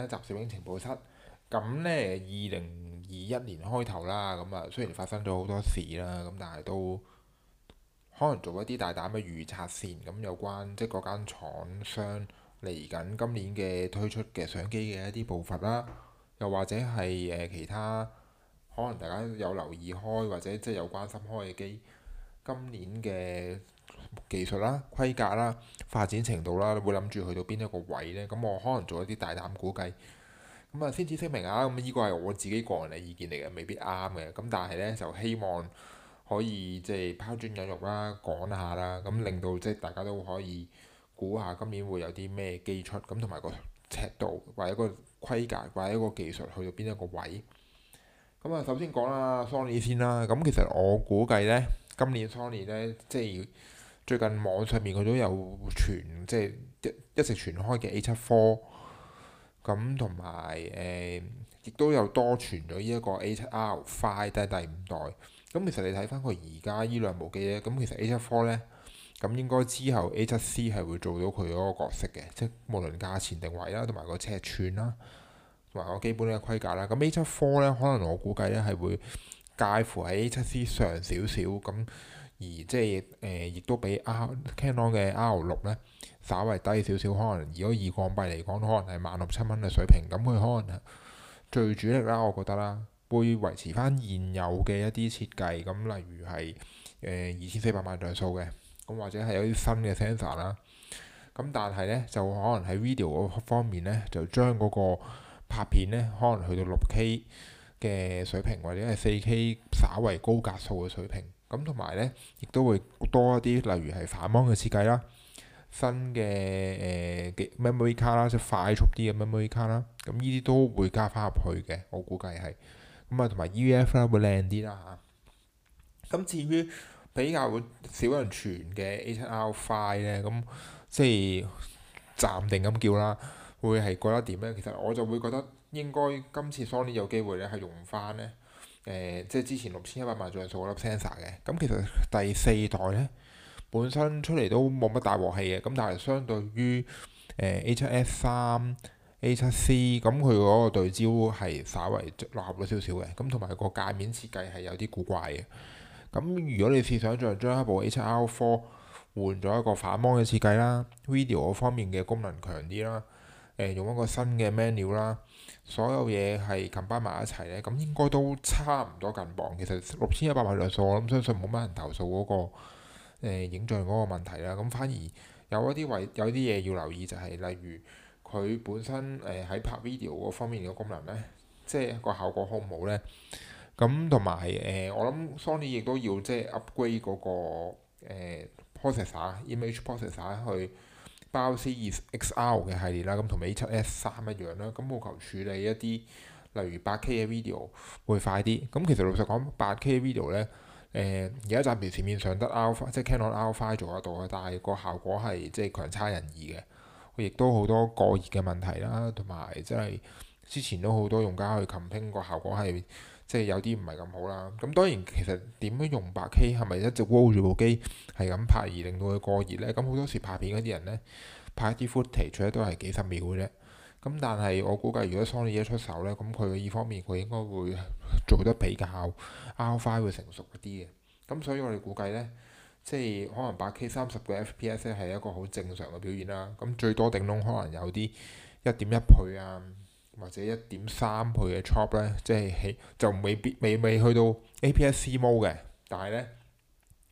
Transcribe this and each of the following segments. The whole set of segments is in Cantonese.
一集攝影情報室，咁呢，二零二一年開頭啦，咁啊雖然發生咗好多事啦，咁但係都可能做一啲大膽嘅預測先。咁有關即係嗰間廠商嚟緊今年嘅推出嘅相機嘅一啲步伐啦，又或者係誒其他可能大家有留意開或者即係有關心開嘅機，今年嘅。技術啦、規格啦、發展程度啦，你會諗住去到邊一個位呢？咁我可能做一啲大膽估計，咁啊先至聲明啊，咁呢個係我自己個人嘅意見嚟嘅，未必啱嘅。咁但係呢，就希望可以即係拋磚引玉啦，講下啦，咁令到即係大家都可以估下今年會有啲咩機出，咁同埋個尺度或者個規格或者個技術去到邊一個位。咁啊，首先講，Sony 先啦。咁其實我估計呢，今年 Sony 呢，即係。最近網上面佢都有傳，即係一一直傳開嘅 A 七 p r 咁，同埋誒亦都有多傳咗依一個 A 七 R 快，都第五代。咁其實你睇翻佢而家呢兩部機呢，咁其實 A 七 Pro，咁應該之後 A 七 C 係會做到佢嗰個角色嘅，即係無論價錢定位啦，同埋個尺寸啦，同埋個基本嘅規格啦。咁 A 七 Pro 可能我估計呢係會介乎喺 A 七 C 上少少咁。而即係誒、呃、亦都比 R Canon 嘅 R 六咧，稍微低少少，可能如果以港幣嚟講可能係萬六七蚊嘅水平。咁佢可能最主力啦，我覺得啦，會維持翻現有嘅一啲設計，咁例如係誒二千四百萬像素嘅，咁或者係有啲新嘅 sensor 啦。咁但係咧，就可能喺 video 嗰方面咧，就將嗰個拍片咧，可能去到六 K 嘅水平，或者係四 K 稍為高格數嘅水平。咁同埋呢亦都會多一啲，例如係反芒嘅設計啦，新嘅、呃、memory 卡啦，即係快速啲嘅 memory 卡啦，咁呢啲都會加翻入去嘅，我估計係。咁啊，同埋 EVF 啦，會靚啲啦嚇。咁至於比較少人傳嘅 A7R Five 呢，咁即係暫定咁叫啦，會係覺得點呢？其實我就會覺得應該今次 Sony 有機會咧，係用唔翻咧。誒、呃，即係之前六千一百萬像素粒 sensor 嘅，咁其實第四代呢本身出嚟都冇乜大和氣嘅，咁但係相對於誒 A 七 S 三、A 七 C，咁佢嗰個對焦係稍微落後咗少少嘅，咁同埋個界面設計係有啲古怪嘅。咁如果你試想像將一部 A 七 R Four 換咗一個反芒嘅設計啦，video 嗰方面嘅功能強啲啦。誒用一個新嘅 menu 啦，所有嘢係 combine 埋一齊咧，咁應該都差唔多近磅。其實六千一百萬像素，我諗相信冇乜人投訴嗰、那個、呃、影像嗰個問題啦。咁反而有一啲位有啲嘢要留意、就是，就係例如佢本身誒喺、呃、拍 video 嗰方面嘅功能咧，即係個效果好唔好咧？咁同埋誒，我諗 Sony 亦都要即係 upgrade 嗰、那個、呃、processor image processor 去。包 c 2 x r 嘅系列啦，咁同 A7S 三一樣啦，咁務求處理一啲，例如八 K 嘅 video 會快啲。咁其實老實講，八 K video 咧，誒而家暫時市面上得 R5，即 Canon R5 做得到嘅，但係個效果係即係強差人意嘅。亦都好多過熱嘅問題啦，同埋即係之前都好多用家去 complain，個效果係。即係有啲唔係咁好啦。咁當然其實點樣用八 K 係咪一直握住部機係咁拍而令到佢過熱呢？咁好多時拍片嗰啲人呢，拍一啲 footage 呢都係幾十秒嘅啫。咁但係我估計如果 Sony 一出手呢，咁佢呢方面佢應該會做得比較 R5 會成熟一啲嘅。咁所以我哋估計呢，即係可能八 K 三十個 FPS 呢係一個好正常嘅表現啦。咁最多頂籠可能有啲一點一倍啊。或者一點三倍嘅 crop 咧，即係起就未必未未，未去到 APS-C mode 嘅，但係咧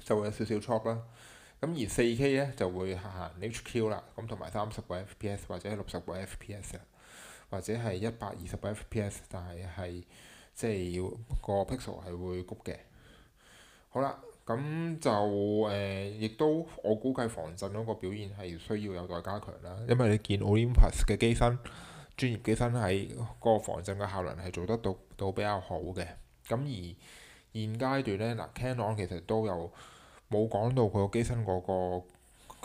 就會有少少 crop 啦。咁而四 K 咧就會行 HQ 啦，咁同埋三十個 FPS 或者六十個 FPS 啊，或者係一百二十個 FPS，但係係即係要、那個 pixel 係會谷嘅。好啦，咁就誒，亦、呃、都我估計防震嗰個表現係需要有待加強啦，因為你見 Olympus 嘅機身。專業機身喺個防震嘅效能係做得到到比較好嘅，咁而現階段呢，嗱 Canon 其實都有冇講到佢個機身嗰個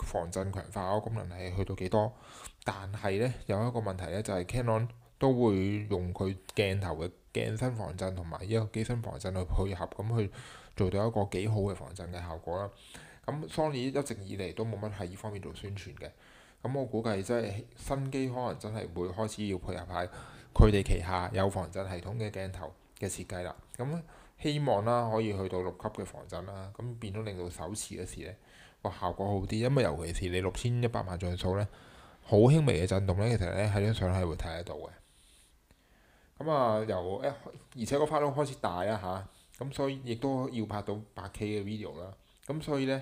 防震強化功能係去到幾多，但係呢，有一個問題呢，就係 Canon 都會用佢鏡頭嘅鏡身防震同埋呢個機身防震去配合咁去做到一個幾好嘅防震嘅效果啦，咁 Sony 一直以嚟都冇乜喺呢方面做宣傳嘅。咁我估計真係新機可能真係會開始要配合下佢哋旗下有防震系統嘅鏡頭嘅設計啦。咁希望啦，可以去到六級嘅防震啦。咁變咗令到手持嗰時呢個效果好啲，因為尤其是你六千一百萬像素呢，好輕微嘅震動呢，其實呢喺張相係會睇得到嘅。咁啊，由、哎、而且個畫幅開始大啦嚇，咁所以亦都要拍到八 K 嘅 video 啦。咁所以呢。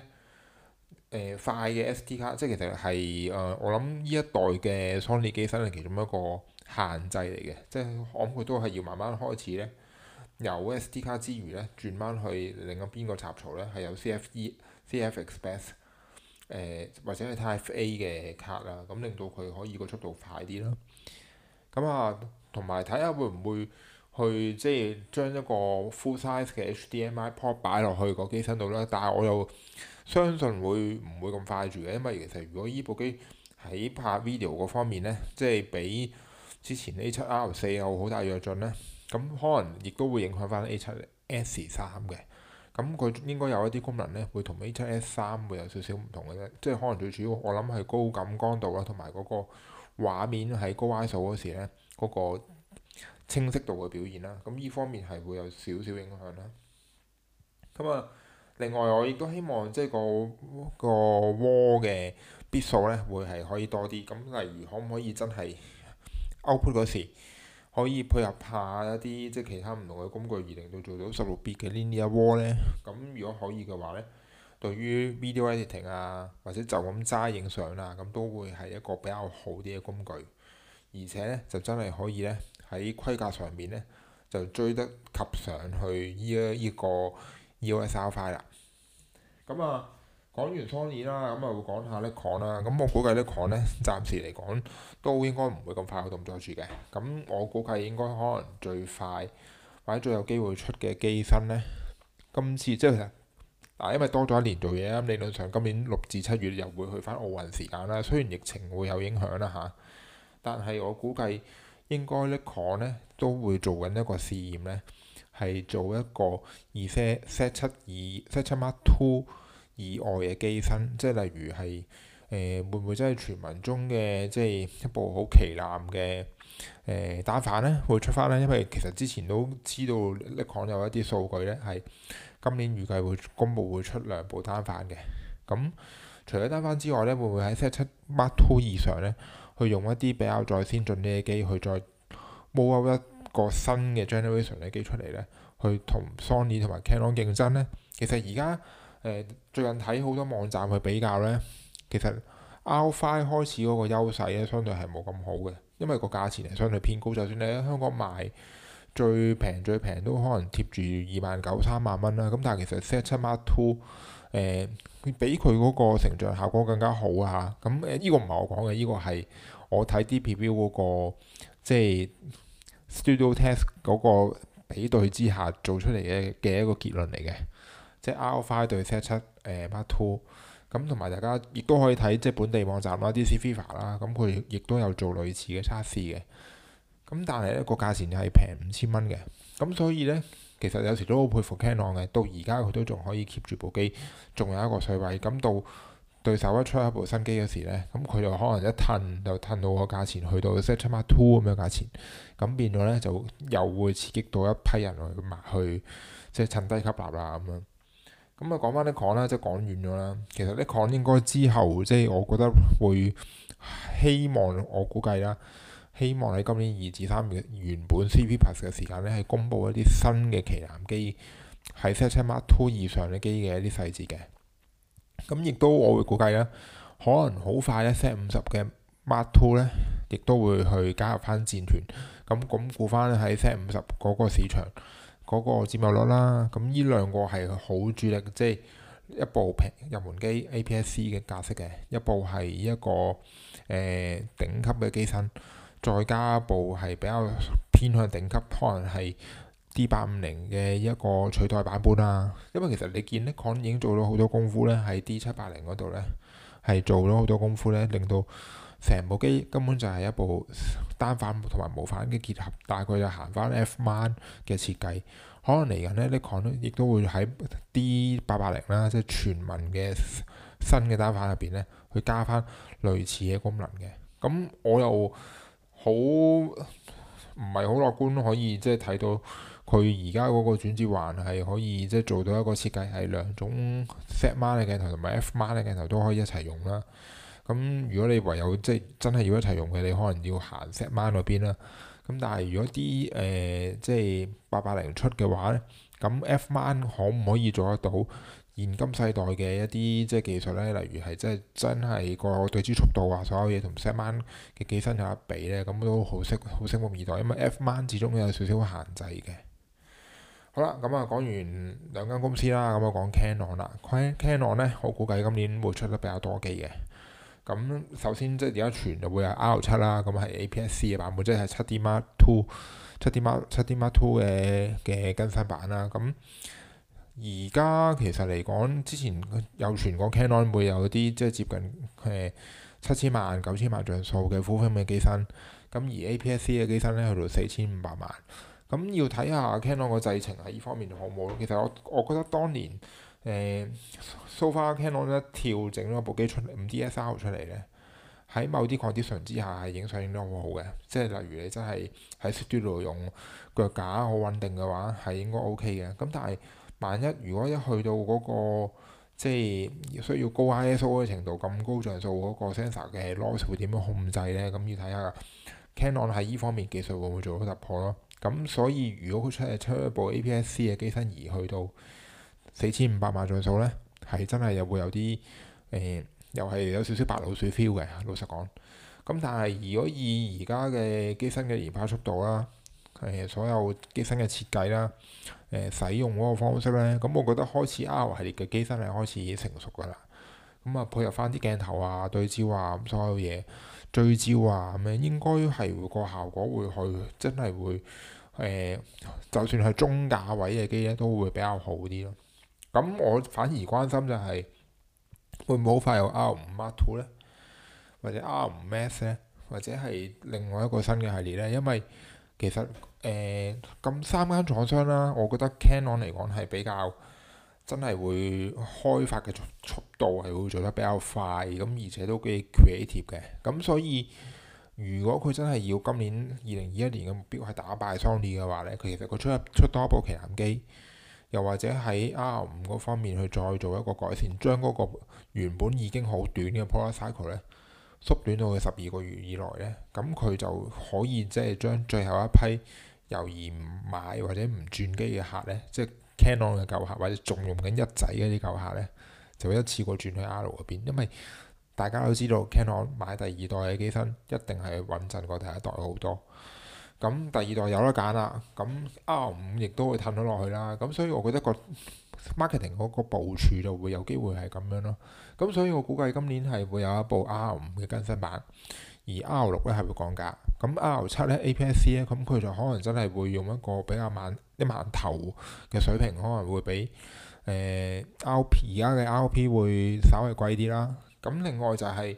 誒、呃、快嘅 SD 卡，即係其實係誒、呃、我諗呢一代嘅 Sony 機身係其中一個限制嚟嘅。即係我諗佢都係要慢慢開始咧，由 SD 卡之餘咧轉翻去另一邊個插槽咧，係有 CFE、CFexpress 誒或者係 Type A 嘅卡啦，咁、嗯、令到佢可以個速度快啲啦。咁啊，同埋睇下會唔會去即係將一個 full size 嘅 HDMI port 擺落去個機身度啦，但係我又相信會唔會咁快住嘅，因為其實如果依部機喺拍 video 嗰方面咧，即係比之前 A7R 四有好大躍進咧，咁可能亦都會影響翻 A7S 三嘅。咁佢應該有一啲功能咧，會同 A7S 三會有少少唔同嘅啫，即係可能最主要我諗係高感光度啦，同埋嗰個畫面喺高 ISO 嗰時咧嗰個。清晰度嘅表現啦，咁呢方面係會有少少影響啦。咁啊，另外我亦都希望即係個個窩嘅 bit 數咧，會係可以多啲。咁例如可唔可以真係 open 嗰時可以配合下一啲即係其他唔同嘅工具，而令到做到十六 bit 嘅 linear 窩呢？咁如果可以嘅話呢，對於 video editing 啊，或者就咁揸影相啦，咁都會係一個比較好啲嘅工具，而且呢，就真係可以呢。喺規格上面呢，就追得及上去依、這個這個嗯嗯、一依個 USL 快啦。咁、嗯、啊，講完 Sony 啦，咁啊會講下 Nikon 啦。咁我估計 Nikon 呢，暫時嚟講都應該唔會咁快去動作住嘅。咁、嗯、我估計應該可能最快或者最有機會出嘅機身呢。今次即係嗱、嗯，因為多咗一年做嘢啊，理論上今年六至七月又會去返奧運時間啦。雖然疫情會有影響啦嚇，但係我估計。應該咧 Nikon 咧都會做緊一個試驗咧，係做一個二些 set 七二 set 七 m a r k two 以外嘅機身，即係例如係誒、呃、會唔會真係傳聞中嘅即係一部好旗艦嘅誒單反咧會出返咧？因為其實之前都知道 Nikon 有一啲數據咧係今年預計會公佈會出兩部單反嘅。咁除咗單反之外咧，會唔會喺 set 七 m a r k two 以上咧？去用一啲比較再先進啲嘅機，去再冒勾一個新嘅 generation 嘅機出嚟呢。去同 Sony 同埋 Canon 競爭呢？其實而家誒最近睇好多網站去比較呢。其實 Alpha 開始嗰個優勢呢，相對係冇咁好嘅，因為個價錢係相對偏高。就算你喺香港賣最平最平都可能貼住二萬九三萬蚊啦。咁但係其實 Z7 Mark II 誒，比佢嗰個成像效果更加好啊！咁、這、誒、個，依、這個唔係我講嘅、那個，呢、就是那個係我睇 DPI 嗰個即係 Studio Test 嗰個比對之下做出嚟嘅嘅一個結論嚟嘅，即係 R5 對 Z7 誒 Mark Two。咁同埋大家亦都可以睇即係本地網站啦 DCFever 啦，咁佢亦都有做類似嘅測試嘅。咁、啊、但係呢個價錢係平五千蚊嘅，咁、啊、所以呢。其實有時都好佩服 Canon 嘅，到而家佢都仲可以 keep 住部機，仲有一個水位。咁到對手一出一部新機嗰時咧，咁佢就可能一褪就褪到個價錢去到 set up two 咁樣價錢，咁變咗咧就又會刺激到一批人去買去即係趁低吸納啦咁樣。咁啊講翻啲 Canon 啦，即係講遠咗啦。其實啲 Canon 應該之後即係、就是、我覺得會希望，我估計啦。希望喺今年二至三月原本 CP+ 嘅時間呢，係公布一啲新嘅旗艦機喺 Z 七 Mark Two 以上嘅機嘅一啲細節嘅。咁亦都我會估計啦，可能好快咧 Z 五十嘅 Mark Two 咧，亦都會去加入翻戰團。咁咁估翻喺 Z 五十嗰個市場嗰個佔有率啦。咁呢兩個係好主力，即係一部平入門機 A.P.S.C. 嘅格式嘅，一部係一個誒頂級嘅機身。再加一部係比較偏向頂級，可能係 D 八五零嘅一個取代版本啦。因為其實你見咧，Nikon 已經做咗好多功夫咧，喺 D 七八零嗰度咧係做咗好多功夫咧，令到成部機根本就係一部單反同埋無反嘅結合，大概就行翻 F mount 嘅設計。可能嚟緊咧，呢 Nikon 亦都會喺 D 八八零啦，即係全民嘅新嘅單反入邊咧，去加翻類似嘅功能嘅。咁我又～好唔係好樂觀，可以即係睇到佢而家嗰個轉接環係可以即係做到一個設計，係兩種 f 碼嘅鏡頭同埋 f m 碼嘅鏡頭都可以一齊用啦。咁如果你唯有即係真係要一齊用嘅，你可能要行 set f 碼嗰邊啦。咁但係如果啲誒即係八百零出嘅話咧，咁 f 碼可唔可以做得到？現今世代嘅一啲即係技術咧，例如係即係真係個對焦速度啊，所有嘢同 F mount 嘅機身有一比咧，咁都好適好適合現代，因為 F mount 始終有少少限制嘅。好啦，咁、嗯、啊講完兩間公司啦，咁、嗯、啊講 Canon 啦，Canon 咧，我估計今年會出得比較多機嘅。咁、嗯、首先即係而家全就會有 R 七啦，咁、嗯、係 APS-C 嘅版本，即係七 D Mark Two、七 D Mark 七 D Mark Two 嘅嘅更新版啦，咁、嗯。而家其實嚟講，之前有傳過 Canon 會有啲即係接近誒七千萬、九、呃、千萬像素嘅 full frame 嘅機身，咁而 APS-C 嘅機身咧去到四千五百萬，咁、嗯、要睇下 Canon 個製程喺呢方面好唔好咯。其實我我覺得當年誒 So、呃、far Canon 一跳整咗部機出嚟，五 D SR 出嚟咧，喺某啲 condition 之下係影相影得好好嘅，即係例如你真係喺 studio 度用腳架好穩定嘅話，係應該 O K 嘅。咁、嗯、但係萬一如果一去到嗰個即係需要高 ISO 嘅程度咁高像素嗰個 sensor 嘅 loss 會點樣控制呢？咁要睇下 Canon 喺依方面技術會唔會做到突破咯。咁所以如果佢出嚟出一部 APS-C 嘅機身而去到四千五百萬像素呢，係真係又會有啲誒、呃、又係有少少白老鼠 feel 嘅，老實講。咁但係如果以而家嘅機身嘅連拍速度啦～誒、所有機身嘅設計啦，誒、呃、使用嗰個方式咧，咁我覺得開始 R 系列嘅機身係開始成熟噶啦。咁啊，配合翻啲鏡頭啊、對焦啊、所有嘢、聚焦啊咁樣、嗯，應該係個效果會去真係會誒、呃，就算係中價位嘅機咧，都會比較好啲咯。咁我反而關心就係會唔會好快有 R 五 Mark Two 咧，或者 R 五 Max 咧，或者係另外一個新嘅系列咧，因為其實。誒咁三間廠商啦、啊，我覺得 Canon 嚟講係比較真係會開發嘅速度係會做得比較快，咁而且都幾 creative 嘅，咁所以如果佢真係要今年二零二一年嘅目標係打敗 Sony 嘅話呢，佢其實佢出一出多一部旗艦機，又或者喺 R 五嗰方面去再做一個改善，將嗰個原本已經好短嘅 product cycle 咧。縮短到佢十二個月以來呢，咁佢就可以即係將最後一批猶豫唔買或者唔轉機嘅客呢，即係 Canon 嘅舊客或者重用緊一仔嘅啲舊客呢，就會一次過轉去 R 嗰邊，因為大家都知道 Canon 買第二代嘅機身一定係穩陣過第一代好多，咁第二代有得揀啦，咁 R 五亦都會褪咗落去啦，咁所以我覺得個。Marketing 嗰個部署就會有機會係咁樣咯，咁所以我估計今年係會有一部 R 五嘅更新版，而 R 六咧係會降價，咁 R 七咧 A.P.S.C 咧，咁佢就可能真係會用一個比較慢一慢頭嘅水平，可能會比誒、呃、R.P. 而家嘅 R.P. 會稍微貴啲啦。咁另外就係、是、誒、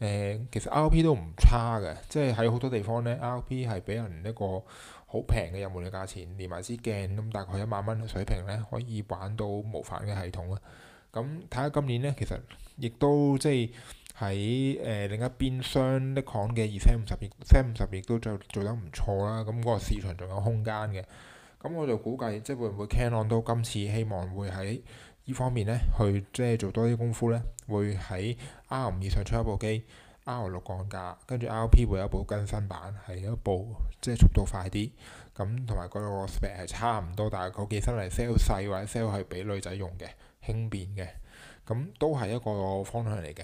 呃，其實 R.P. 都唔差嘅，即係喺好多地方咧，R.P. 係俾人一個，好平嘅入門嘅價錢，連埋支鏡咁大概一萬蚊嘅水平咧，可以玩到無反嘅系統啊！咁睇下今年咧，其實亦都即係喺誒另一邊商 Nikon 嘅二三五十二三五十亦都做做得唔錯啦，咁、那、嗰個市場仲有空間嘅。咁我就估計即係會唔會 Canon 到今次希望會喺呢方面咧去即係做多啲功夫咧，會喺 R5 以上出一部機。R 六降價，跟住 R P 會有一部更新版，係一部即係速度快啲，咁同埋嗰個 Spec 係差唔多，但係佢設計身嚟 sell 細或者 sell 係俾女仔用嘅輕便嘅，咁都係一個方向嚟嘅。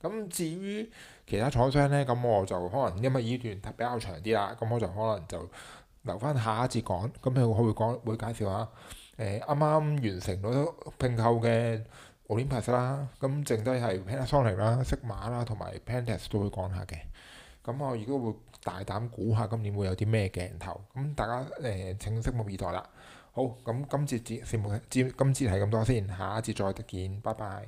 咁至於其他廠商咧，咁我就可能因為依段比較長啲啦，咁我就可能就留翻下一節講，咁佢會唔會講會介紹下？誒、呃，啱啱完成咗拼購嘅。我連拍攝啦，咁剩低係 Panasonic 啦，色碼啦，同埋 p a n t s o n 都會講下嘅。咁我如果會大膽估下今年會有啲咩鏡頭，咁大家誒、呃、請拭目以待啦。好，咁今次節視目節今節係咁多先，下一節再，再見，拜拜。